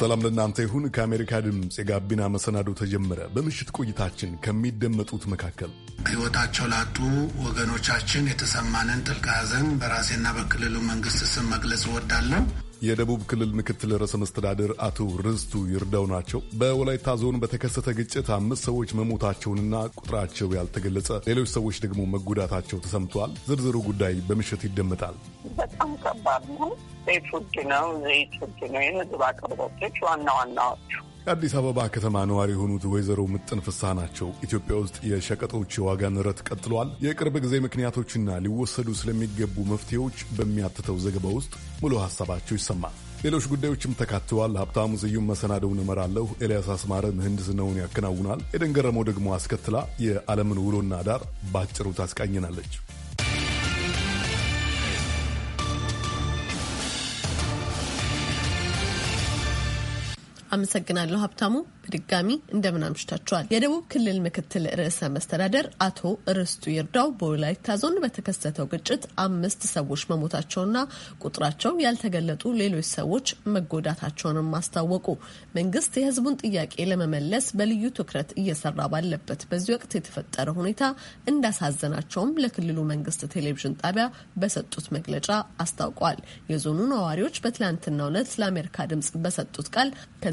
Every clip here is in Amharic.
ሰላም ለእናንተ ይሁን። ከአሜሪካ ድምፅ የጋቢና መሰናዶ ተጀመረ። በምሽት ቆይታችን ከሚደመጡት መካከል ሕይወታቸው ላጡ ወገኖቻችን የተሰማንን ጥልቅ ሐዘን በራሴና በክልሉ መንግስት ስም መግለጽ እወዳለሁ። የደቡብ ክልል ምክትል ርዕሰ መስተዳድር አቶ ርስቱ ይርዳው ናቸው። በወላይታ ዞን በተከሰተ ግጭት አምስት ሰዎች መሞታቸውንና ቁጥራቸው ያልተገለጸ ሌሎች ሰዎች ደግሞ መጎዳታቸው ተሰምተዋል። ዝርዝሩ ጉዳይ በምሽት ይደመጣል። በጣም ከባድ ነው። ቤት ውድ ነው፣ ዘይት ውድ ነው። የምግብ አቅርቦቶች ዋና ዋናዎቹ የአዲስ አበባ ከተማ ነዋሪ የሆኑት ወይዘሮ ምጥን ፍሳ ናቸው። ኢትዮጵያ ውስጥ የሸቀጦች የዋጋ ንረት ቀጥሏል። የቅርብ ጊዜ ምክንያቶችና ሊወሰዱ ስለሚገቡ መፍትሄዎች በሚያትተው ዘገባ ውስጥ ሙሉ ሀሳባቸው ይሰማል። ሌሎች ጉዳዮችም ተካተዋል። ሀብታሙ ስዩም መሰናደውን እመራለሁ። ኤልያስ አስማረ ምህንድስናውን ያከናውናል። የደንገረመው ደግሞ አስከትላ የዓለምን ውሎና ዳር ባጭሩ ታስቃኝናለች። አመሰግናለሁ ሀብታሙ። በድጋሚ እንደምን አምሽታችኋል። የደቡብ ክልል ምክትል ርዕሰ መስተዳደር አቶ ርስቱ ይርዳው በወላይታ ዞን በተከሰተው ግጭት አምስት ሰዎች መሞታቸውና ቁጥራቸው ያልተገለጡ ሌሎች ሰዎች መጎዳታቸውንም አስታወቁ። መንግስት የህዝቡን ጥያቄ ለመመለስ በልዩ ትኩረት እየሰራ ባለበት በዚህ ወቅት የተፈጠረ ሁኔታ እንዳሳዘናቸውም ለክልሉ መንግስት ቴሌቪዥን ጣቢያ በሰጡት መግለጫ አስታውቋል። የዞኑ ነዋሪዎች በትላንትናው ዕለት ለአሜሪካ ድምጽ በሰጡት ቃል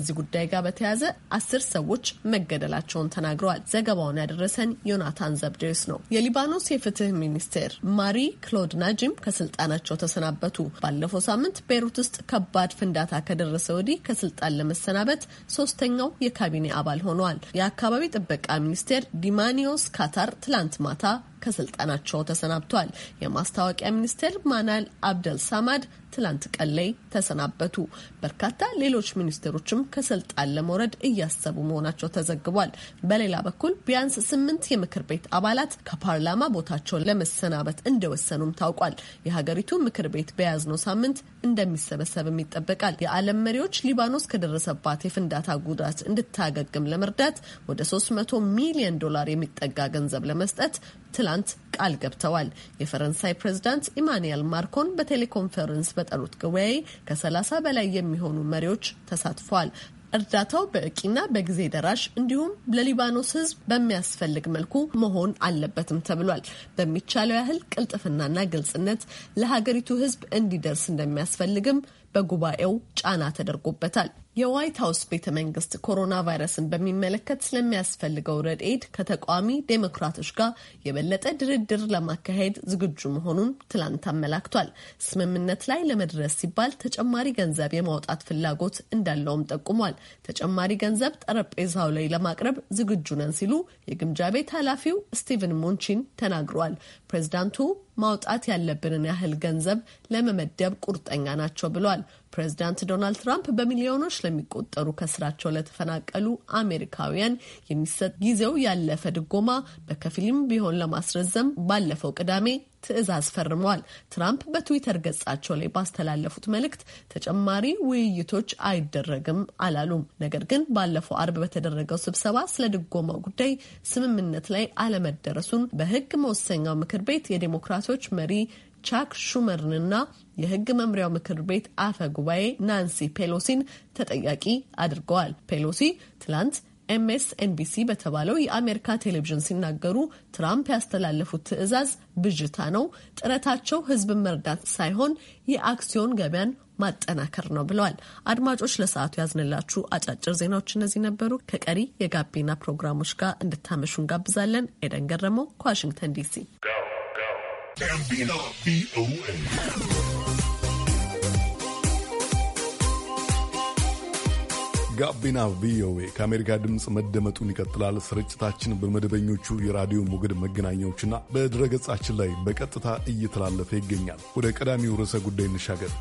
ከዚህ ጉዳይ ጋር በተያያዘ አስር ሰዎች መገደላቸውን ተናግረዋል። ዘገባውን ያደረሰን ዮናታን ዘብዴዎስ ነው። የሊባኖስ የፍትህ ሚኒስቴር ማሪ ክሎድ ናጂም ከስልጣናቸው ተሰናበቱ። ባለፈው ሳምንት ቤይሩት ውስጥ ከባድ ፍንዳታ ከደረሰ ወዲህ ከስልጣን ለመሰናበት ሶስተኛው የካቢኔ አባል ሆነዋል። የአካባቢ ጥበቃ ሚኒስቴር ዲማኒዮስ ካታር ትላንት ማታ ከስልጣናቸው ተሰናብቷል። የማስታወቂያ ሚኒስቴር ማናል አብደል ሳማድ ትላንት ቀን ላይ ተሰናበቱ። በርካታ ሌሎች ሚኒስቴሮችም ከስልጣን ለመውረድ እያሰቡ መሆናቸው ተዘግቧል። በሌላ በኩል ቢያንስ ስምንት የምክር ቤት አባላት ከፓርላማ ቦታቸው ለመሰናበት እንደወሰኑም ታውቋል። የሀገሪቱ ምክር ቤት በያዝነው ሳምንት እንደሚሰበሰብም ይጠበቃል። የዓለም መሪዎች ሊባኖስ ከደረሰባት የፍንዳታ ጉዳት እንድታገግም ለመርዳት ወደ 300 ሚሊዮን ዶላር የሚጠጋ ገንዘብ ለመስጠት ትላንት ቃል ገብተዋል። የፈረንሳይ ፕሬዝዳንት ኢማንኤል ማርኮን በቴሌኮንፈረንስ በጠሩት ጉባኤ ከ30 በላይ የሚሆኑ መሪዎች ተሳትፈዋል። እርዳታው በእቂና በጊዜ ደራሽ እንዲሁም ለሊባኖስ ሕዝብ በሚያስፈልግ መልኩ መሆን አለበትም ተብሏል። በሚቻለው ያህል ቅልጥፍናና ግልጽነት ለሀገሪቱ ሕዝብ እንዲደርስ እንደሚያስፈልግም በጉባኤው ጫና ተደርጎበታል። የዋይት ሀውስ ቤተ መንግስት ኮሮና ቫይረስን በሚመለከት ስለሚያስፈልገው ረድኤድ ከተቃዋሚ ዴሞክራቶች ጋር የበለጠ ድርድር ለማካሄድ ዝግጁ መሆኑን ትላንት አመላክቷል። ስምምነት ላይ ለመድረስ ሲባል ተጨማሪ ገንዘብ የማውጣት ፍላጎት እንዳለውም ጠቁሟል። ተጨማሪ ገንዘብ ጠረጴዛው ላይ ለማቅረብ ዝግጁ ነን ሲሉ የግምጃ ቤት ኃላፊው ስቲቨን ሞንቺን ተናግረዋል። ፕሬዚዳንቱ ማውጣት ያለብንን ያህል ገንዘብ ለመመደብ ቁርጠኛ ናቸው ብለዋል። ፕሬዚዳንት ዶናልድ ትራምፕ በሚሊዮኖች ለሚቆጠሩ ከስራቸው ለተፈናቀሉ አሜሪካውያን የሚሰጥ ጊዜው ያለፈ ድጎማ በከፊልም ቢሆን ለማስረዘም ባለፈው ቅዳሜ ትዕዛዝ ፈርመዋል። ትራምፕ በትዊተር ገጻቸው ላይ ባስተላለፉት መልእክት ተጨማሪ ውይይቶች አይደረግም አላሉም። ነገር ግን ባለፈው አርብ በተደረገው ስብሰባ ስለ ድጎማው ጉዳይ ስምምነት ላይ አለመደረሱን በሕግ መወሰኛው ምክር ቤት የዴሞክራቶች መሪ ቻክ ሹመርንና የሕግ መምሪያው ምክር ቤት አፈ ጉባኤ ናንሲ ፔሎሲን ተጠያቂ አድርገዋል። ፔሎሲ ትላንት ኤምኤስኤንቢሲ በተባለው የአሜሪካ ቴሌቪዥን ሲናገሩ ትራምፕ ያስተላለፉት ትዕዛዝ ብዥታ ነው፣ ጥረታቸው ህዝብን መርዳት ሳይሆን የአክሲዮን ገበያን ማጠናከር ነው ብለዋል። አድማጮች፣ ለሰዓቱ ያዝንላችሁ አጫጭር ዜናዎች እነዚህ ነበሩ። ከቀሪ የጋቢና ፕሮግራሞች ጋር እንድታመሹ እንጋብዛለን። ኤደን ገረመው ከዋሽንግተን ዲሲ ጋቢና ቪኦኤ ጋቢና ቪኦኤ ከአሜሪካ ድምፅ መደመጡን ይቀጥላል። ስርጭታችን በመደበኞቹ የራዲዮ ሞገድ መገናኛዎችና በድረገጻችን ላይ በቀጥታ እየተላለፈ ይገኛል። ወደ ቀዳሚው ርዕሰ ጉዳይ እንሻገር።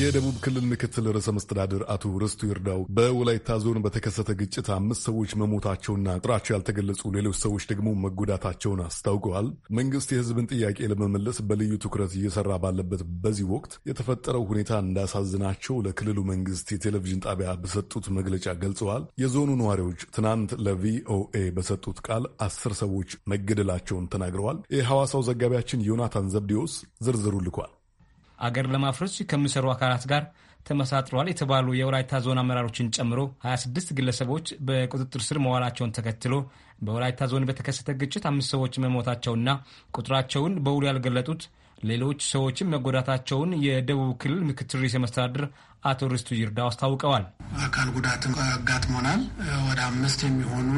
የደቡብ ክልል ምክትል ርዕሰ መስተዳድር አቶ ርስቱ ይርዳው በወላይታ ዞን በተከሰተ ግጭት አምስት ሰዎች መሞታቸውና ቁጥራቸው ያልተገለጹ ሌሎች ሰዎች ደግሞ መጎዳታቸውን አስታውቀዋል። መንግስት የህዝብን ጥያቄ ለመመለስ በልዩ ትኩረት እየሰራ ባለበት በዚህ ወቅት የተፈጠረው ሁኔታ እንዳሳዝናቸው ለክልሉ መንግስት የቴሌቪዥን ጣቢያ በሰጡት መግለጫ ገልጸዋል። የዞኑ ነዋሪዎች ትናንት ለቪኦኤ በሰጡት ቃል አስር ሰዎች መገደላቸውን ተናግረዋል። የሐዋሳው ዘጋቢያችን ዮናታን ዘብዴዎስ ዝርዝሩ ልኳል። አገር ለማፍረስ ከሚሰሩ አካላት ጋር ተመሳጥረዋል የተባሉ የወላይታ ዞን አመራሮችን ጨምሮ 26 ግለሰቦች በቁጥጥር ስር መዋላቸውን ተከትሎ በወላይታ ዞን በተከሰተ ግጭት አምስት ሰዎች መሞታቸውና ቁጥራቸውን በውሉ ያልገለጡት ሌሎች ሰዎችም መጎዳታቸውን የደቡብ ክልል ምክትል ርዕሰ መስተዳድር አቶ ርስቱ ይርዳው አስታውቀዋል። አካል ጉዳትም አጋጥሞናል። ወደ አምስት የሚሆኑ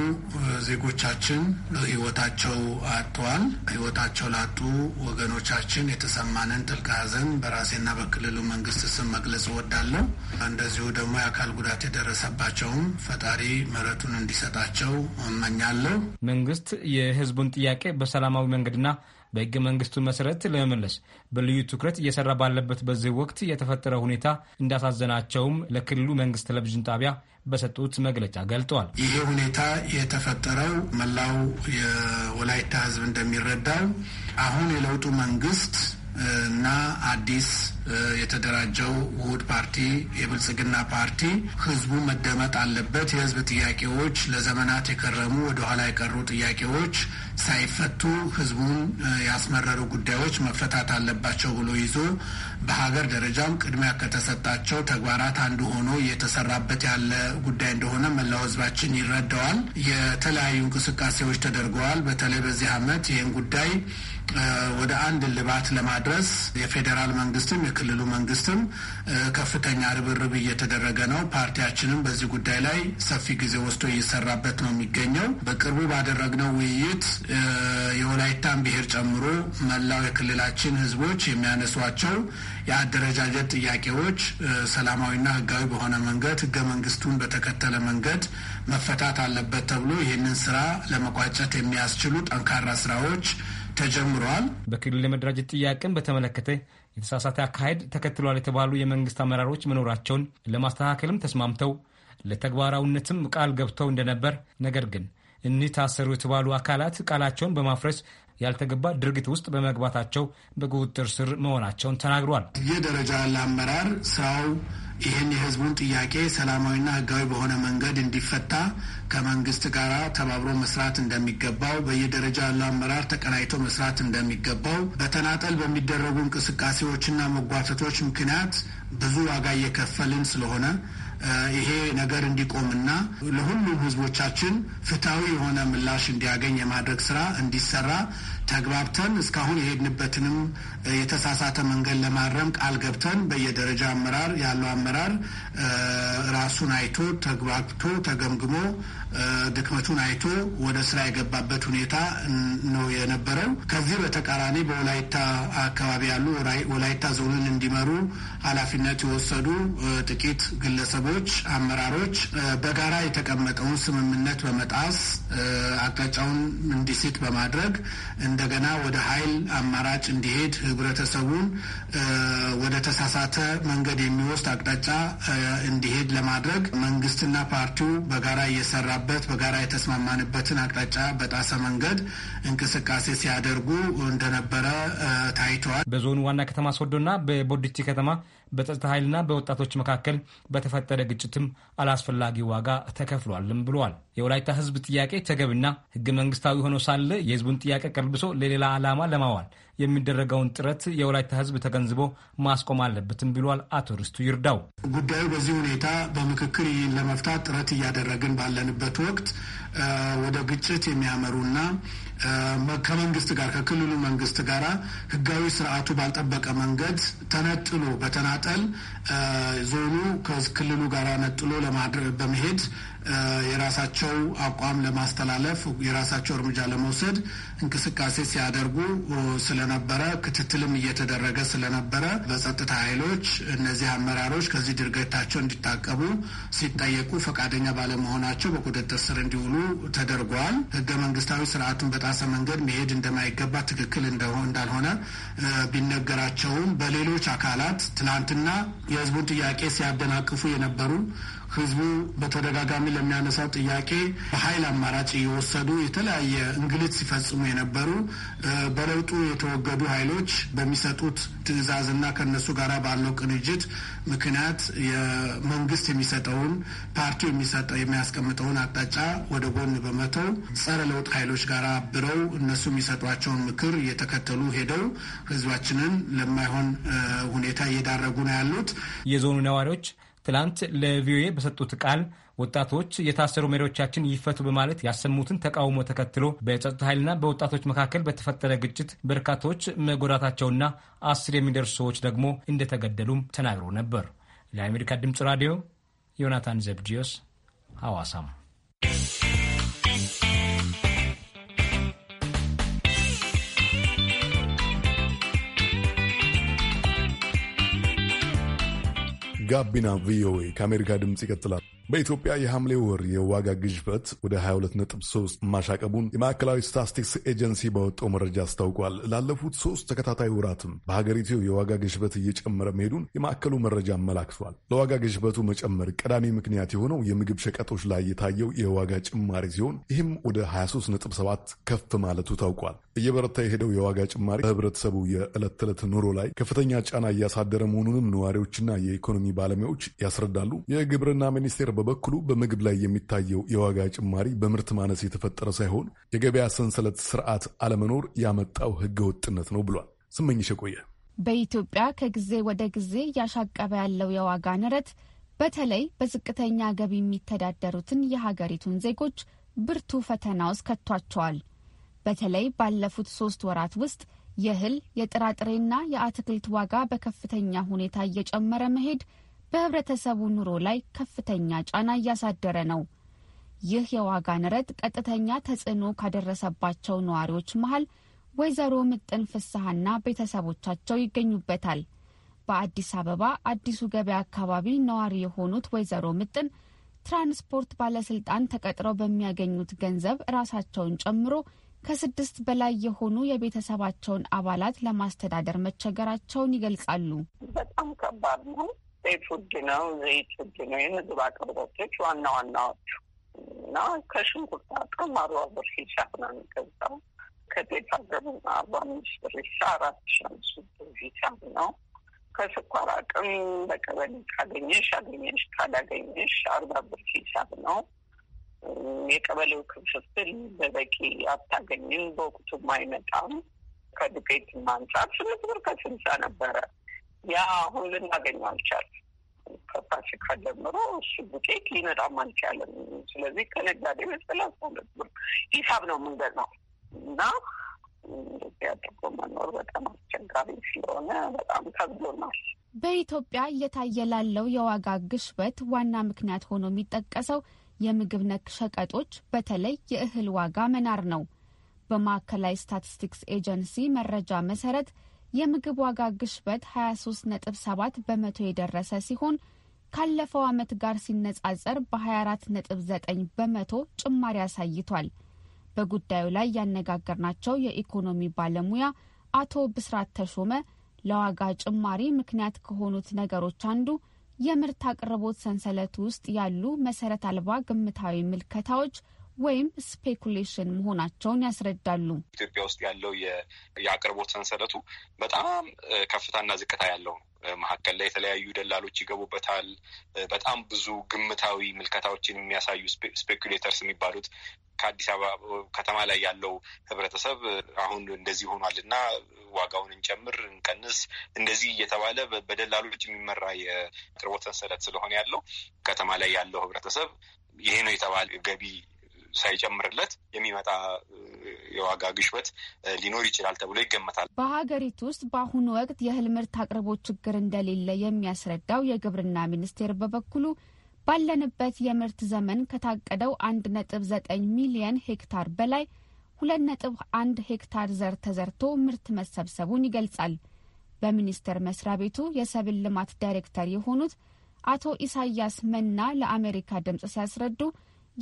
ዜጎቻችን ህይወታቸው አጥተዋል። ህይወታቸው ላጡ ወገኖቻችን የተሰማንን ጥልቅ ሐዘን በራሴና በክልሉ መንግስት ስም መግለጽ እወዳለሁ። እንደዚሁ ደግሞ የአካል ጉዳት የደረሰባቸውም ፈጣሪ ምሕረቱን እንዲሰጣቸው እመኛለሁ። መንግስት የህዝቡን ጥያቄ በሰላማዊ መንገድና በሕገ መንግስቱ መሰረት ለመመለስ በልዩ ትኩረት እየሰራ ባለበት በዚህ ወቅት የተፈጠረ ሁኔታ እንዳሳዘናቸውም ለክልሉ መንግስት ቴሌቪዥን ጣቢያ በሰጡት መግለጫ ገልጠዋል። ይሄ ሁኔታ የተፈጠረው መላው የወላይታ ህዝብ እንደሚረዳው አሁን የለውጡ መንግስት እና አዲስ የተደራጀው ውሁድ ፓርቲ የብልጽግና ፓርቲ ህዝቡ መደመጥ አለበት። የህዝብ ጥያቄዎች ለዘመናት የከረሙ ወደኋላ የቀሩ ጥያቄዎች ሳይፈቱ ህዝቡን ያስመረሩ ጉዳዮች መፈታት አለባቸው ብሎ ይዞ በሀገር ደረጃም ቅድሚያ ከተሰጣቸው ተግባራት አንዱ ሆኖ እየተሰራበት ያለ ጉዳይ እንደሆነ መላው ህዝባችን ይረዳዋል። የተለያዩ እንቅስቃሴዎች ተደርገዋል። በተለይ በዚህ ዓመት ይህን ጉዳይ ወደ አንድ ልባት ለማድረስ የፌዴራል መንግስትም የክልሉ መንግስትም ከፍተኛ ርብርብ እየተደረገ ነው። ፓርቲያችንም በዚህ ጉዳይ ላይ ሰፊ ጊዜ ወስዶ እየሰራበት ነው የሚገኘው። በቅርቡ ባደረግነው ውይይት የወላይታን ብሔር ጨምሮ መላው የክልላችን ህዝቦች የሚያነሷቸው የአደረጃጀት ጥያቄዎች ሰላማዊና ህጋዊ በሆነ መንገድ ህገ መንግስቱን በተከተለ መንገድ መፈታት አለበት ተብሎ ይህንን ስራ ለመቋጨት የሚያስችሉ ጠንካራ ስራዎች ተጀምረዋል። በክልል የመደራጀት ጥያቄን በተመለከተ የተሳሳተ አካሄድ ተከትሏል የተባሉ የመንግስት አመራሮች መኖራቸውን ለማስተካከልም ተስማምተው ለተግባራዊነትም ቃል ገብተው እንደነበር ነገር ግን እኒህ ታሰሩ የተባሉ አካላት ቃላቸውን በማፍረስ ያልተገባ ድርጊት ውስጥ በመግባታቸው በቁጥጥር ስር መሆናቸውን ተናግሯል። ደረጃ ያለ አመራር ስራው ይህን የህዝቡን ጥያቄ ሰላማዊና ህጋዊ በሆነ መንገድ እንዲፈታ ከመንግስት ጋር ተባብሮ መስራት እንደሚገባው፣ በየደረጃ ያለ አመራር ተቀናይቶ መስራት እንደሚገባው፣ በተናጠል በሚደረጉ እንቅስቃሴዎችና መጓተቶች ምክንያት ብዙ ዋጋ እየከፈልን ስለሆነ ይሄ ነገር እንዲቆምና ለሁሉም ህዝቦቻችን ፍትሐዊ የሆነ ምላሽ እንዲያገኝ የማድረግ ስራ እንዲሰራ ተግባብተን እስካሁን የሄድንበትንም የተሳሳተ መንገድ ለማረም ቃል ገብተን በየደረጃ አመራር ያለው አመራር ራሱን አይቶ ተግባብቶ ተገምግሞ ድክመቱን አይቶ ወደ ስራ የገባበት ሁኔታ ነው የነበረው። ከዚህ በተቃራኒ በወላይታ አካባቢ ያሉ ወላይታ ዞንን እንዲመሩ ኃላፊነት የወሰዱ ጥቂት ግለሰቦች፣ አመራሮች በጋራ የተቀመጠውን ስምምነት በመጣስ አቅጣጫውን እንዲስት በማድረግ እንደገና ወደ ኃይል አማራጭ እንዲሄድ ህብረተሰቡን ወደ ተሳሳተ መንገድ የሚወስድ አቅጣጫ እንዲሄድ ለማድረግ መንግስትና ፓርቲው በጋራ እየሰራ የምንሰራበት በጋራ የተስማማንበትን አቅጣጫ በጣሰ መንገድ እንቅስቃሴ ሲያደርጉ እንደነበረ ታይተዋል። በዞኑ ዋና ከተማ ሶዶና በቦዲቲ ከተማ በጸጥታ ኃይልና በወጣቶች መካከል በተፈጠረ ግጭትም አላስፈላጊ ዋጋ ተከፍሏልም ብለዋል። የወላይታ ሕዝብ ጥያቄ ተገቢና ሕገ መንግስታዊ ሆኖ ሳለ የሕዝቡን ጥያቄ ቀልብሶ ለሌላ ዓላማ ለማዋል የሚደረገውን ጥረት የወላይታ ሕዝብ ተገንዝቦ ማስቆም አለበትም ብሏል። አቶ ርስቱ ይርዳው ጉዳዩ በዚህ ሁኔታ በምክክር ለመፍታት ጥረት እያደረግን ባለንበት ወቅት ወደ ግጭት የሚያመሩና ከመንግስት ጋር ከክልሉ መንግስት ጋር ህጋዊ ስርዓቱ ባልጠበቀ መንገድ ተነጥሎ በተናጠል ዞኑ ከክልሉ ጋር ነጥሎ በመሄድ የራሳቸው አቋም ለማስተላለፍ የራሳቸው እርምጃ ለመውሰድ እንቅስቃሴ ሲያደርጉ ስለነበረ ክትትልም እየተደረገ ስለነበረ በጸጥታ ኃይሎች እነዚህ አመራሮች ከዚህ ድርገታቸው እንዲታቀቡ ሲጠየቁ ፈቃደኛ ባለመሆናቸው በቁጥጥር ስር እንዲውሉ ተደርጓል። ህገ መንግስታዊ ስርዓትን በጣሰ መንገድ መሄድ እንደማይገባ ትክክል እንዳልሆነ ቢነገራቸውም በሌሎች አካላት ትናንትና የህዝቡን ጥያቄ ሲያደናቅፉ የነበሩ ህዝቡ በተደጋጋሚ ለሚያነሳው ጥያቄ በኃይል አማራጭ እየወሰዱ የተለያየ እንግልት ሲፈጽሙ የነበሩ በለውጡ የተወገዱ ኃይሎች በሚሰጡት እና ከነሱ ጋር ባለው ቅንጅት ምክንያት የመንግስት የሚሰጠውን ፓርቲው የሚያስቀምጠውን አቅጣጫ ወደ ጎን በመተው ጸረ ለውጥ ኃይሎች ጋር አብረው እነሱ የሚሰጧቸውን ምክር እየተከተሉ ሄደው ህዝባችንን ለማይሆን ሁኔታ እየዳረጉ ነው ያሉት የዞኑ ነዋሪዎች ትላንት ለቪኦኤ በሰጡት ቃል ወጣቶች የታሰሩ መሪዎቻችን ይፈቱ በማለት ያሰሙትን ተቃውሞ ተከትሎ በጸጥታ ኃይልና በወጣቶች መካከል በተፈጠረ ግጭት በርካቶች መጎዳታቸውና አስር የሚደርሱ ሰዎች ደግሞ እንደተገደሉም ተናግሮ ነበር። ለአሜሪካ ድምፅ ራዲዮ ዮናታን ዘብዲዮስ ሐዋሳም ጋቢና ቪኦኤ ከአሜሪካ ድምፅ ይቀጥላል። በኢትዮጵያ የሐምሌ ወር የዋጋ ግሽበት ወደ 22.3 ማሻቀቡን የማዕከላዊ ስታስቲክስ ኤጀንሲ በወጣው መረጃ አስታውቋል። ላለፉት ሶስት ተከታታይ ወራትም በሀገሪቱ የዋጋ ግሽበት እየጨመረ መሄዱን የማዕከሉ መረጃ አመላክቷል። ለዋጋ ግሽበቱ መጨመር ቀዳሚ ምክንያት የሆነው የምግብ ሸቀጦች ላይ የታየው የዋጋ ጭማሪ ሲሆን ይህም ወደ 23.7 ከፍ ማለቱ ታውቋል። እየበረታ የሄደው የዋጋ ጭማሪ በህብረተሰቡ የዕለት ተዕለት ኑሮ ላይ ከፍተኛ ጫና እያሳደረ መሆኑንም ነዋሪዎችና የኢኮኖሚ ባለሙያዎች ያስረዳሉ። የግብርና ሚኒስቴር በበኩሉ በምግብ ላይ የሚታየው የዋጋ ጭማሪ በምርት ማነስ የተፈጠረ ሳይሆን የገበያ ሰንሰለት ስርዓት አለመኖር ያመጣው ህገወጥነት ነው ብሏል። ስመኝሽ ቆየ። በኢትዮጵያ ከጊዜ ወደ ጊዜ እያሻቀበ ያለው የዋጋ ንረት በተለይ በዝቅተኛ ገቢ የሚተዳደሩትን የሀገሪቱን ዜጎች ብርቱ ፈተና ውስጥ ከቷቸዋል። በተለይ ባለፉት ሶስት ወራት ውስጥ የእህል የጥራጥሬና የአትክልት ዋጋ በከፍተኛ ሁኔታ እየጨመረ መሄድ በህብረተሰቡ ኑሮ ላይ ከፍተኛ ጫና እያሳደረ ነው። ይህ የዋጋ ንረት ቀጥተኛ ተጽዕኖ ካደረሰባቸው ነዋሪዎች መሀል ወይዘሮ ምጥን ፍስሐና ቤተሰቦቻቸው ይገኙበታል። በአዲስ አበባ አዲሱ ገበያ አካባቢ ነዋሪ የሆኑት ወይዘሮ ምጥን ትራንስፖርት ባለስልጣን ተቀጥረው በሚያገኙት ገንዘብ ራሳቸውን ጨምሮ ከስድስት በላይ የሆኑ የቤተሰባቸውን አባላት ለማስተዳደር መቸገራቸውን ይገልጻሉ። በጣም ከባድ ነው። ጤፍ ውድ ነው፣ ዘይት ውድ ነው። የምግብ አቅርቦቶች ዋና ዋናዎቹ እና ከሽንኩርት አቅም አርባ ብር ሂሳብ ነው የሚገዛው። ከጤፍ አቅም አርባ አምስት ብር ሂሳብ አራት ሺ አምስት ብር ሂሳብ ነው። ከስኳር አቅም በቀበሌ ካገኘሽ አገኘሽ፣ ካላገኘሽ አርባ ብር ሂሳብ ነው። የቀበሌው ክፍፍል በበቂ አታገኝም፣ በወቅቱም አይመጣም። ከዱቄት አንጻር ስምንት ብር ከስልሳ ነበረ ያ አሁን ልናገኘው አልቻለም። ከፋሲካ ጀምሮ እሱ ዱቄት ሊመጣም አልቻለም። ስለዚህ ከነጋዴ በስላሳ ብር ሂሳብ ነው የምንገዛው እና እንደዚህ አድርጎ መኖር በጣም አስቸጋሪ ስለሆነ በጣም ከብዶናል። በኢትዮጵያ እየታየ ላለው የዋጋ ግሽበት ዋና ምክንያት ሆኖ የሚጠቀሰው የምግብ ነክ ሸቀጦች በተለይ የእህል ዋጋ መናር ነው። በማዕከላዊ ስታቲስቲክስ ኤጀንሲ መረጃ መሰረት የምግብ ዋጋ ግሽበት 23.7 በመቶ የደረሰ ሲሆን ካለፈው ዓመት ጋር ሲነጻጸር በ24.9 በመቶ ጭማሪ አሳይቷል። በጉዳዩ ላይ ያነጋገርናቸው የኢኮኖሚ ባለሙያ አቶ ብስራት ተሾመ ለዋጋ ጭማሪ ምክንያት ከሆኑት ነገሮች አንዱ የምርት አቅርቦት ሰንሰለት ውስጥ ያሉ መሰረት አልባ ግምታዊ ምልከታዎች ወይም ስፔኩሌሽን መሆናቸውን ያስረዳሉ። ኢትዮጵያ ውስጥ ያለው የአቅርቦት ሰንሰለቱ በጣም ከፍታና ዝቅታ ያለው ነው። መካከል ላይ የተለያዩ ደላሎች ይገቡበታል። በጣም ብዙ ግምታዊ ምልከታዎችን የሚያሳዩ ስፔኩሌተርስ የሚባሉት ከአዲስ አበባ ከተማ ላይ ያለው ህብረተሰብ አሁን እንደዚህ ሆኗል እና ዋጋውን እንጨምር፣ እንቀንስ እንደዚህ እየተባለ በደላሎች የሚመራ የአቅርቦት ሰንሰለት ስለሆነ ያለው ከተማ ላይ ያለው ህብረተሰብ ይሄ ነው የተባለ ገቢ ሳይጨምርለት የሚመጣ የዋጋ ግሽበት ሊኖር ይችላል ተብሎ ይገመታል። በሀገሪቱ ውስጥ በአሁኑ ወቅት የእህል ምርት አቅርቦት ችግር እንደሌለ የሚያስረዳው የግብርና ሚኒስቴር በበኩሉ ባለንበት የምርት ዘመን ከታቀደው አንድ ነጥብ ዘጠኝ ሚሊየን ሄክታር በላይ ሁለት ነጥብ አንድ ሄክታር ዘር ተዘርቶ ምርት መሰብሰቡን ይገልጻል። በሚኒስቴር መስሪያ ቤቱ የሰብል ልማት ዳይሬክተር የሆኑት አቶ ኢሳያስ መና ለአሜሪካ ድምጽ ሲያስረዱ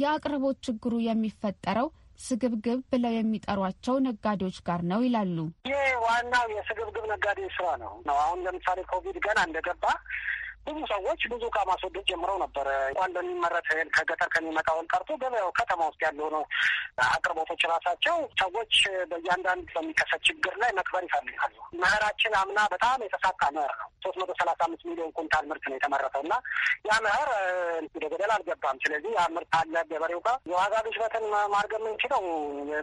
የአቅርቦት ችግሩ የሚፈጠረው ስግብግብ ብለው የሚጠሯቸው ነጋዴዎች ጋር ነው ይላሉ። ይህ ዋናው የስግብግብ ነጋዴዎች ስራ ነው ነው አሁን ለምሳሌ ኮቪድ ገና እንደገባ ብዙ ሰዎች ብዙ እቃ ማስወደድ ጀምረው ነበረ። እንኳን በሚመረት እህል ከገጠር ከሚመጣውን ቀርቶ ገበያው ከተማ ውስጥ ያለው ነው አቅርቦቶች ራሳቸው ሰዎች በእያንዳንድ በሚከሰት ችግር ላይ መክበር ይፈልጋሉ። መኸራችን አምና በጣም የተሳካ መኸር ነው። ሶስት መቶ ሰላሳ አምስት ሚሊዮን ኩንታል ምርት ነው የተመረተው እና ያ መኸር ወደ ገደል አልገባም። ስለዚህ ያ ምርት አለ ገበሬው ጋር። የዋጋ ግሽበትን ማርገብ የምንችለው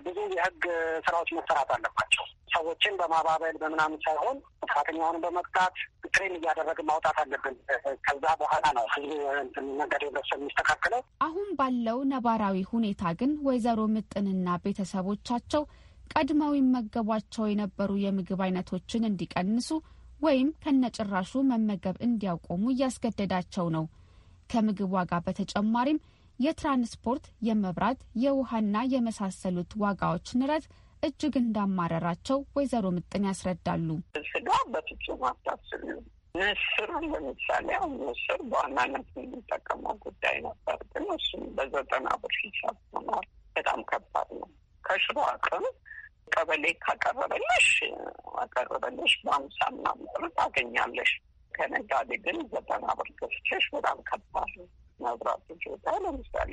ብዙ የህግ ስራዎች መሰራት አለባቸው። ሰዎችን በማባበል በምናምን ሳይሆን ጥፋተኛውንም በመቅጣት ትሬን እያደረግን ማውጣት አለብን። ከዛ በኋላ ነው ነገር የለሰ የሚስተካከለው። አሁን ባለው ነባራዊ ሁኔታ ግን ወይዘሮ ምጥንና ቤተሰቦቻቸው ቀድመው ይመገቧቸው የነበሩ የምግብ አይነቶችን እንዲቀንሱ ወይም ከነጭራሹ መመገብ እንዲያቆሙ እያስገደዳቸው ነው። ከምግብ ዋጋ በተጨማሪም የትራንስፖርት፣ የመብራት፣ የውሃና የመሳሰሉት ዋጋዎች ንረት እጅግ እንዳማረራቸው ወይዘሮ ምጥን ያስረዳሉ። ስጋ በፍጹም አታስቢውም። ምስር ለምሳሌ አሁን ምስር በዋናነት የምንጠቀመው ጉዳይ ነበር፣ ግን እሱም በዘጠና ብር ሂሳብ ሆኗል። በጣም ከባድ ነው። ከሽሮ አቅም ቀበሌ ካቀረበለሽ አቀረበለሽ በአምሳ ምናምን ብር ታገኛለሽ። ከነጋዴ ግን ዘጠና ብር ገዝተሽ በጣም ከባድ ነው። መብራት ጆታ ለምሳሌ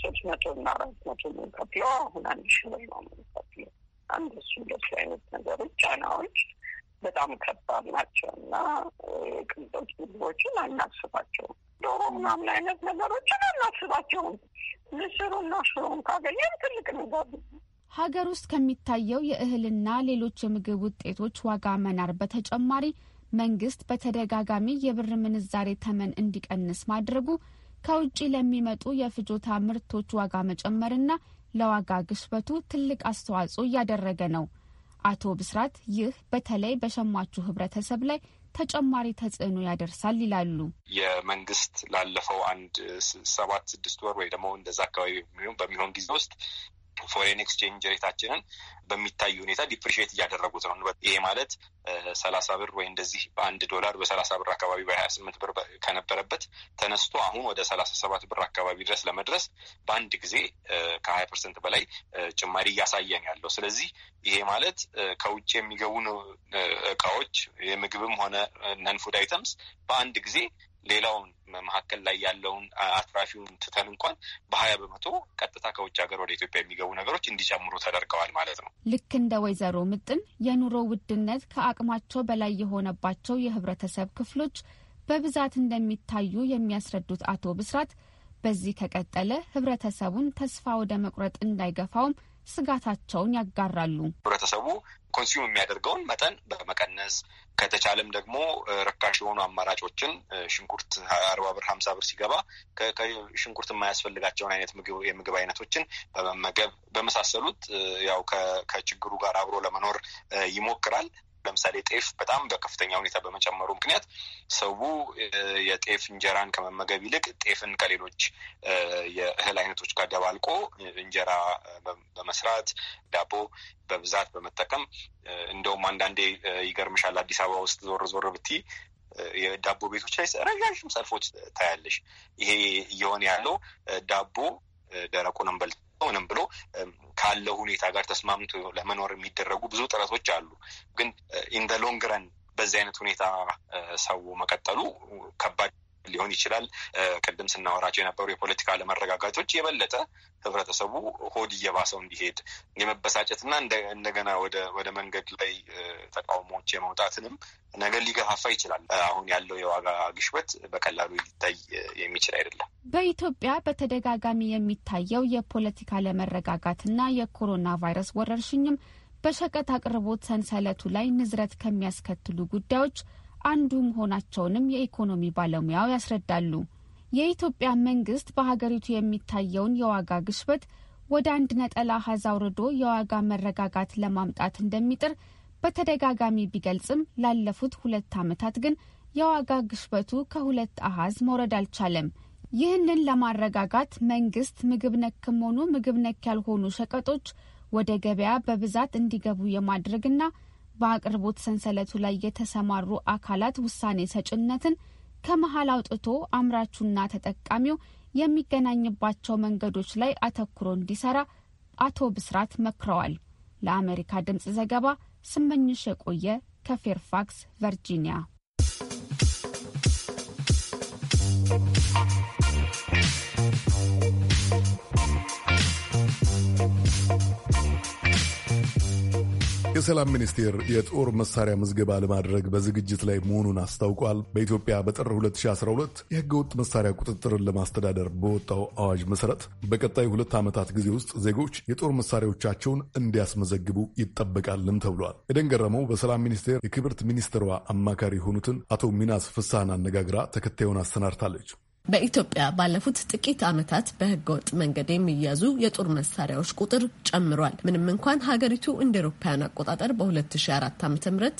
ሶስት መቶ እና አራት መቶ የምንከፍለው አሁን አንድ ሺህ ብር ነው የምንከፍለው። አንድ እሱ እንደሱ አይነት ነገሮች ጫናዎች በጣም ከባድ ናቸው እና ቅንጦች ምግቦችን አናስባቸውም። ዶሮ ምናምን አይነት ነገሮችን አናስባቸውም። እና ሽሮን ካገኘን ትልቅ ነገር ሀገር ውስጥ ከሚታየው የእህልና ሌሎች የምግብ ውጤቶች ዋጋ መናር በተጨማሪ መንግስት በተደጋጋሚ የብር ምንዛሬ ተመን እንዲቀንስ ማድረጉ ከውጭ ለሚመጡ የፍጆታ ምርቶች ዋጋ መጨመርና ለዋጋ ግሽበቱ ትልቅ አስተዋጽኦ እያደረገ ነው። አቶ ብስራት ይህ በተለይ በሸማቹ ህብረተሰብ ላይ ተጨማሪ ተጽዕኖ ያደርሳል ይላሉ። የመንግስት ላለፈው አንድ ሰባት ስድስት ወር ወይ ደግሞ እንደዛ አካባቢ በሚሆን ጊዜ ውስጥ ፎሬን ኤክስቼንጅ ሬታችንን በሚታይ ሁኔታ ዲፕሪሽት እያደረጉት ነው። ይሄ ማለት ሰላሳ ብር ወይ እንደዚህ በአንድ ዶላር በሰላሳ ብር አካባቢ በሀያ ስምንት ብር ከነበረበት ተነስቶ አሁን ወደ ሰላሳ ሰባት ብር አካባቢ ድረስ ለመድረስ በአንድ ጊዜ ከሀያ ፐርሰንት በላይ ጭማሪ እያሳየን ያለው። ስለዚህ ይሄ ማለት ከውጭ የሚገቡ እቃዎች የምግብም ሆነ ነንፉድ አይተምስ በአንድ ጊዜ ሌላውን መካከል ላይ ያለውን አትራፊውን ትተን እንኳን በሀያ በመቶ ቀጥታ ከውጭ ሀገር ወደ ኢትዮጵያ የሚገቡ ነገሮች እንዲጨምሩ ተደርገዋል ማለት ነው። ልክ እንደ ወይዘሮ ምጥን የኑሮ ውድነት ከአቅማቸው በላይ የሆነባቸው የህብረተሰብ ክፍሎች በብዛት እንደሚታዩ የሚያስረዱት አቶ ብስራት በዚህ ከቀጠለ ህብረተሰቡን ተስፋ ወደ መቁረጥ እንዳይገፋውም ስጋታቸውን ያጋራሉ። ህብረተሰቡ ኮንሱም የሚያደርገውን መጠን በመቀነስ ከተቻለም ደግሞ ርካሽ የሆኑ አማራጮችን ሽንኩርት አርባ ብር ሀምሳ ብር ሲገባ ሽንኩርት የማያስፈልጋቸውን አይነት የምግብ አይነቶችን በመመገብ በመሳሰሉት ያው ከችግሩ ጋር አብሮ ለመኖር ይሞክራል። ለምሳሌ ጤፍ በጣም በከፍተኛ ሁኔታ በመጨመሩ ምክንያት ሰው የጤፍ እንጀራን ከመመገብ ይልቅ ጤፍን ከሌሎች የእህል አይነቶች ጋር ደባልቆ እንጀራ በመስራት ዳቦ በብዛት በመጠቀም እንደውም አንዳንዴ ይገርምሻል አዲስ አበባ ውስጥ ዞር ዞር ብቲ የዳቦ ቤቶች ላይ ረዣዥም ሰልፎች ታያለሽ። ይሄ እየሆነ ያለው ዳቦ ደረቁንም በልተን ሆነም ብሎ ካለው ሁኔታ ጋር ተስማምቶ ለመኖር የሚደረጉ ብዙ ጥረቶች አሉ። ግን ኢን ሎንግ ረን በዚህ አይነት ሁኔታ ሰው መቀጠሉ ከባድ ሊሆን ይችላል። ቅድም ስናወራቸው የነበሩ የፖለቲካ አለመረጋጋቶች የበለጠ ህብረተሰቡ ሆድ እየባሰው እንዲሄድ የመበሳጨትና እንደገና ወደ መንገድ ላይ ተቃውሞዎች የመውጣትንም ነገር ሊገፋፋ ይችላል። አሁን ያለው የዋጋ ግሽበት በቀላሉ ሊታይ የሚችል አይደለም። በኢትዮጵያ በተደጋጋሚ የሚታየው የፖለቲካ አለመረጋጋትና የኮሮና ቫይረስ ወረርሽኝም በሸቀጥ አቅርቦት ሰንሰለቱ ላይ ንዝረት ከሚያስከትሉ ጉዳዮች አንዱ መሆናቸውንም የኢኮኖሚ ባለሙያው ያስረዳሉ። የኢትዮጵያ መንግስት በሀገሪቱ የሚታየውን የዋጋ ግሽበት ወደ አንድ ነጠላ አሃዝ አውርዶ የዋጋ መረጋጋት ለማምጣት እንደሚጥር በተደጋጋሚ ቢገልጽም ላለፉት ሁለት ዓመታት ግን የዋጋ ግሽበቱ ከሁለት አሃዝ መውረድ አልቻለም። ይህንን ለማረጋጋት መንግስት ምግብ ነክም ሆኑ ምግብ ነክ ያልሆኑ ሸቀጦች ወደ ገበያ በብዛት እንዲገቡ የማድረግና በአቅርቦት ሰንሰለቱ ላይ የተሰማሩ አካላት ውሳኔ ሰጭነትን ከመሀል አውጥቶ አምራቹና ተጠቃሚው የሚገናኝባቸው መንገዶች ላይ አተኩሮ እንዲሰራ አቶ ብስራት መክረዋል። ለአሜሪካ ድምፅ ዘገባ ስመኝሽ የቆየ ከፌርፋክስ ቨርጂኒያ። የሰላም ሚኒስቴር የጦር መሳሪያ ምዝገባ ለማድረግ በዝግጅት ላይ መሆኑን አስታውቋል። በኢትዮጵያ በጥር 2012 የህገወጥ መሳሪያ ቁጥጥርን ለማስተዳደር በወጣው አዋጅ መሰረት በቀጣይ ሁለት ዓመታት ጊዜ ውስጥ ዜጎች የጦር መሳሪያዎቻቸውን እንዲያስመዘግቡ ይጠበቃልም ተብሏል። የደንገረመው በሰላም ሚኒስቴር የክብርት ሚኒስትሯ አማካሪ የሆኑትን አቶ ሚናስ ፍሳህን አነጋግራ ተከታዩን አሰናድታለች። በኢትዮጵያ ባለፉት ጥቂት ዓመታት በህገወጥ መንገድ የሚያዙ የጦር መሳሪያዎች ቁጥር ጨምሯል። ምንም እንኳን ሀገሪቱ እንደ ኤሮፓያን አቆጣጠር በ2004 ዓ.ም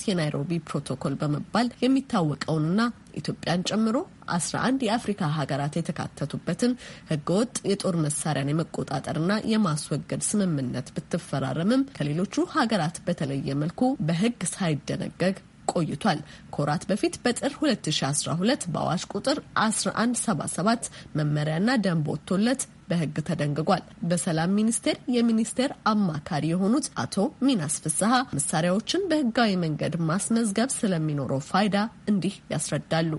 የናይሮቢ ፕሮቶኮል በመባል የሚታወቀውንና ኢትዮጵያን ጨምሮ 11 የአፍሪካ ሀገራት የተካተቱበትን ህገወጥ የጦር መሳሪያን የመቆጣጠርና የማስወገድ ስምምነት ብትፈራረምም ከሌሎቹ ሀገራት በተለየ መልኩ በህግ ሳይደነገግ ቆይቷል። ከወራት በፊት በጥር 2012 በአዋጅ ቁጥር 1177 መመሪያና ደንብ ወጥቶለት በህግ ተደንግጓል። በሰላም ሚኒስቴር የሚኒስቴር አማካሪ የሆኑት አቶ ሚናስ ፍስሀ መሳሪያዎችን በህጋዊ መንገድ ማስመዝገብ ስለሚኖረው ፋይዳ እንዲህ ያስረዳሉ።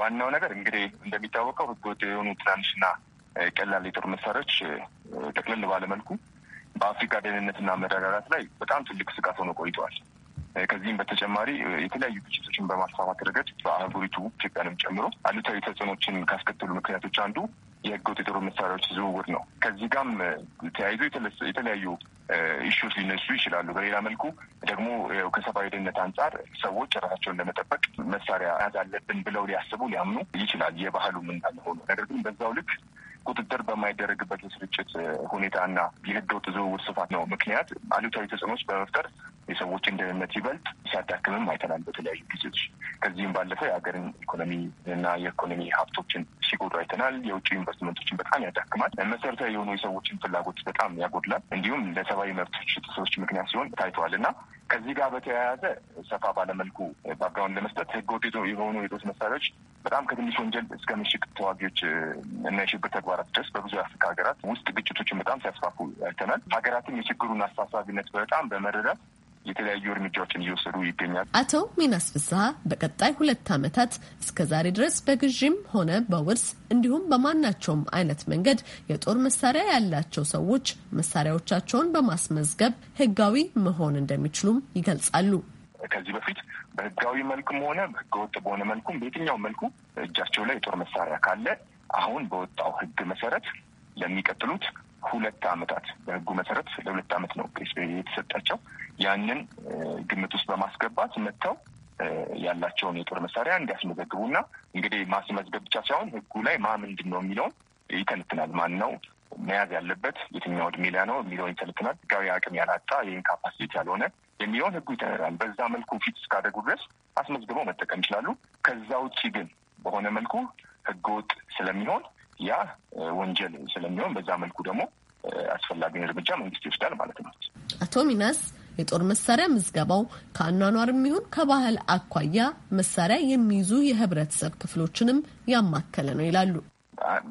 ዋናው ነገር እንግዲህ እንደሚታወቀው ሕገወጥ የሆኑ ትናንሽና ቀላል የጦር መሳሪያዎች ጠቅለል ባለመልኩ በአፍሪካ ደህንነትና መረጋጋት ላይ በጣም ትልቅ ስጋት ሆኖ ቆይተዋል። ከዚህም በተጨማሪ የተለያዩ ግጭቶችን በማስፋፋት ረገድ በአህጉሪቱ ኢትዮጵያንም ጨምሮ አሉታዊ ተጽዕኖችን ካስከተሉ ምክንያቶች አንዱ የህገወጥ የጦር መሳሪያዎች ዝውውር ነው። ከዚህ ጋም ተያይዞ የተለያዩ ኢሹዎች ሊነሱ ይችላሉ። በሌላ መልኩ ደግሞ ከሰብአዊ ደህንነት አንጻር ሰዎች ራሳቸውን ለመጠበቅ መሳሪያ ያዝ አለብን ብለው ሊያስቡ ሊያምኑ ይችላል። የባህሉ እንዳለ ሆኖ ነገር ግን በዛው ልክ ቁጥጥር በማይደረግበት የስርጭት ሁኔታና የህገወጥ ዝውውር ስፋት ነው ምክንያት አሉታዊ ተጽዕኖች በመፍጠር የሰዎችን ደህንነት ይበልጥ ሲያዳክምም አይተናል በተለያዩ ጊዜዎች። ከዚህም ባለፈ የሀገርን ኢኮኖሚ እና የኢኮኖሚ ሀብቶችን ሲጎዱ አይተናል። የውጭ ኢንቨስትመንቶችን በጣም ያዳክማል። መሰረታዊ የሆኑ የሰዎችን ፍላጎት በጣም ያጎድላል። እንዲሁም ለሰብአዊ መብቶች ጥሰቶች ምክንያት ሲሆን ታይተዋል እና ከዚህ ጋር በተያያዘ ሰፋ ባለመልኩ ባክግራውንድ ለመስጠት ህገወጥ የሆኑ የጦር መሳሪያዎች በጣም ከትንሽ ወንጀል እስከ ምሽግ ተዋጊዎች እና የሽብር ተግባራት ድረስ በብዙ የአፍሪካ ሀገራት ውስጥ ግጭቶችን በጣም ሲያስፋፉ አይተናል። ሀገራትም የችግሩን አሳሳቢነት በጣም በመረዳት የተለያዩ እርምጃዎችን እየወሰዱ ይገኛል። አቶ ሚናስ ፍስሀ በቀጣይ ሁለት ዓመታት እስከ ዛሬ ድረስ በግዥም ሆነ በውርስ እንዲሁም በማናቸውም አይነት መንገድ የጦር መሳሪያ ያላቸው ሰዎች መሳሪያዎቻቸውን በማስመዝገብ ህጋዊ መሆን እንደሚችሉም ይገልጻሉ። ከዚህ በፊት በህጋዊ መልኩም ሆነ በህገወጥ በሆነ መልኩም በየትኛው መልኩ እጃቸው ላይ የጦር መሳሪያ ካለ አሁን በወጣው ህግ መሰረት ለሚቀጥሉት ሁለት አመታት በህጉ መሰረት ለሁለት አመት ነው የተሰጣቸው። ያንን ግምት ውስጥ በማስገባት መጥተው ያላቸውን የጦር መሳሪያ እንዲያስመዘግቡና እንግዲህ ማስመዝገብ ብቻ ሳይሆን ህጉ ላይ ማ ምንድን ነው የሚለውን ይተንትናል። ማን ነው መያዝ ያለበት የትኛው እድሜ ላይ ነው የሚለውን ይተንትናል። ህጋዊ አቅም ያላጣ ካፓሲቲ ያልሆነ የሚለውን ህጉ ይተንናል። በዛ መልኩ ፊት እስካደጉ ድረስ አስመዝግበው መጠቀም ይችላሉ። ከዛ ውጭ ግን በሆነ መልኩ ህገወጥ ስለሚሆን ያ ወንጀል ስለሚሆን በዛ መልኩ ደግሞ አስፈላጊውን እርምጃ መንግስት ይወስዳል ማለት ነው። አቶ ሚናስ የጦር መሳሪያ ምዝገባው ከአኗኗር የሚሆን ከባህል አኳያ መሳሪያ የሚይዙ የህብረተሰብ ክፍሎችንም ያማከለ ነው ይላሉ።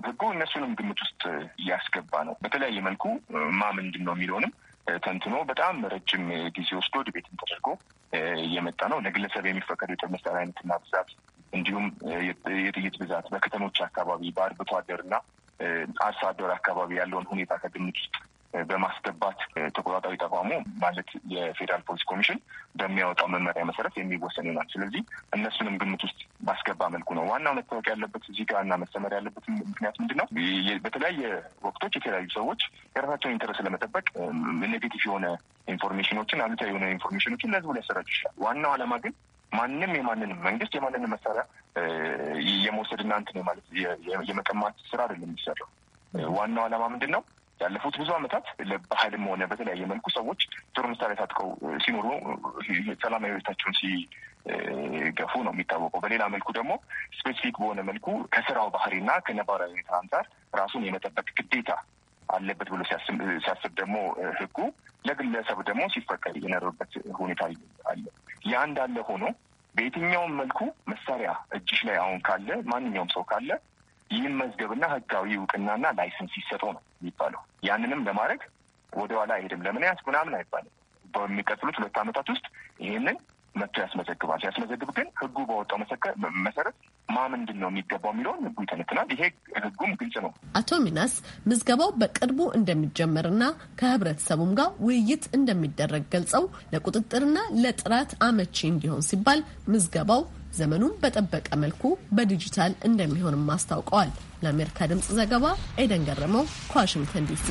ህጉ እነሱንም ግምት ውስጥ እያስገባ ነው። በተለያየ መልኩ ማ ምንድን ነው የሚለውንም ተንትኖ በጣም ረጅም ጊዜ ወስዶ ድቤትን ተደርጎ እየመጣ ነው። ለግለሰብ የሚፈቀዱ የጦር መሳሪያ አይነትና ብዛት እንዲሁም የጥይት ብዛት በከተሞች አካባቢ በአርብቶ አደርና አርሶ አደር አካባቢ ያለውን ሁኔታ ከግምት ውስጥ በማስገባት ተቆጣጣሪ ተቋሙ ማለት የፌዴራል ፖሊስ ኮሚሽን በሚያወጣው መመሪያ መሰረት የሚወሰን ይሆናል። ስለዚህ እነሱንም ግምት ውስጥ ባስገባ መልኩ ነው። ዋናው መታወቅ ያለበት እዚህ ጋር እና መሰመር ያለበት ምክንያት ምንድን ነው? በተለያየ ወቅቶች የተለያዩ ሰዎች የራሳቸውን ኢንተረስ ለመጠበቅ ኔጌቲቭ የሆነ ኢንፎርሜሽኖችን፣ አሉታዊ የሆነ ኢንፎርሜሽኖችን ለህዝቡ ሊያሰራጩ ይችላል። ዋናው ዓላማ ግን ማንም የማንንም መንግስት የማንንም መሳሪያ እናንት ነው ማለት የመቀማት ስራ አይደለም የሚሰራው። ዋናው ዓላማ ምንድን ነው? ያለፉት ብዙ ዓመታት ለባህልም ሆነ በተለያየ መልኩ ሰዎች ጥሩ ምሳሌ ታጥቀው ሲኖሩ ሰላማዊ ህይወታቸውን ሲገፉ ነው የሚታወቀው። በሌላ መልኩ ደግሞ ስፔሲፊክ በሆነ መልኩ ከስራው ባህሪና ከነባራዊ ሁኔታ አንጻር ራሱን የመጠበቅ ግዴታ አለበት ብሎ ሲያስብ ደግሞ ህጉ ለግለሰብ ደግሞ ሲፈቀድ የነበረበት ሁኔታ አለ። ያ እንዳለ ሆኖ በየትኛውም መልኩ መሳሪያ እጅሽ ላይ አሁን ካለ ማንኛውም ሰው ካለ ይህም መዝገብና ህጋዊ እውቅናና ላይሰንስ ይሰጠው ነው የሚባለው። ያንንም ለማድረግ ወደኋላ አይሄድም። ለምን ያስ ምናምን አይባልም። በሚቀጥሉት ሁለት ዓመታት ውስጥ ይህንን መጥቶ ያስመዘግባል። ሲያስመዘግብ ግን ህጉ በወጣው መሰረት ማ ምንድን ነው የሚገባው የሚለውን ህጉ ይተነትናል። ይሄ ህጉም ግልጽ ነው። አቶ ሚናስ ምዝገባው በቅርቡ እንደሚጀመርና ከህብረተሰቡም ጋር ውይይት እንደሚደረግ ገልጸው ለቁጥጥርና ለጥራት አመቺ እንዲሆን ሲባል ምዝገባው ዘመኑን በጠበቀ መልኩ በዲጂታል እንደሚሆንም አስታውቀዋል። ለአሜሪካ ድምጽ ዘገባ ኤደን ገረመው ከዋሽንግተን ዲሲ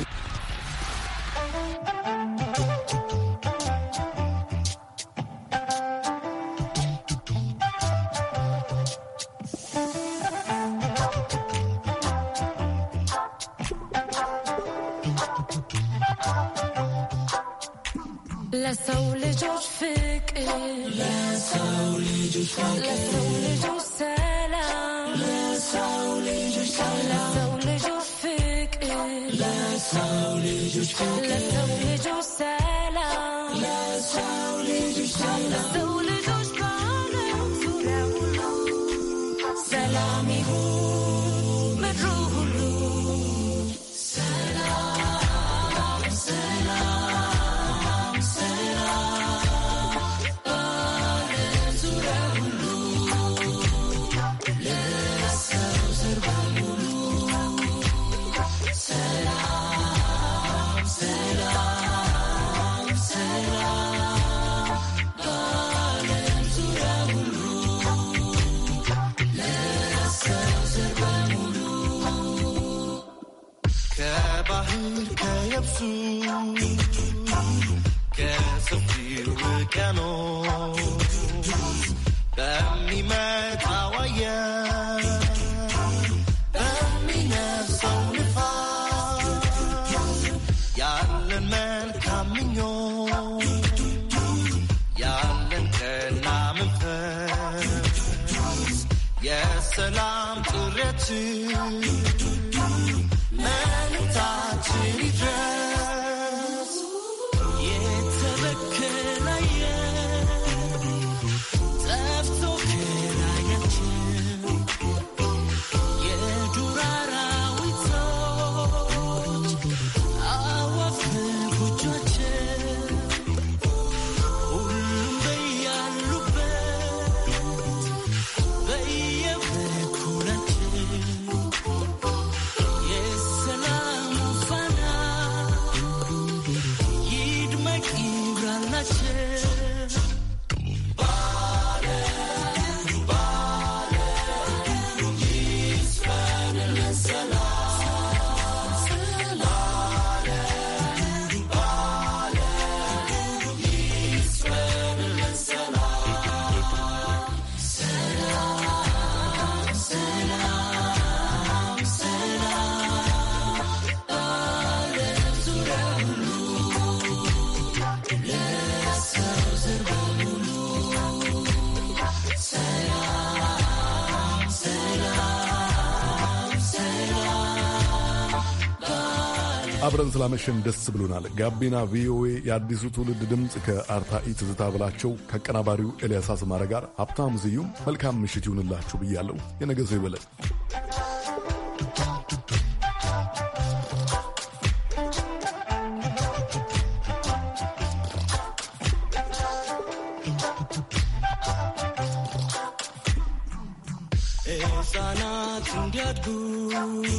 አብረን ስላመሸን ደስ ብሎናል። ጋቢና ቪኦኤ የአዲሱ ትውልድ ድምፅ ከአርታኢ ትዝታ ብላቸው ከአቀናባሪው ኤልያስ አስማረ ጋር ሀብታም ዝዩም መልካም ምሽት ይሁንላችሁ ብያለሁ። የነገ ሰው ይበለን። It's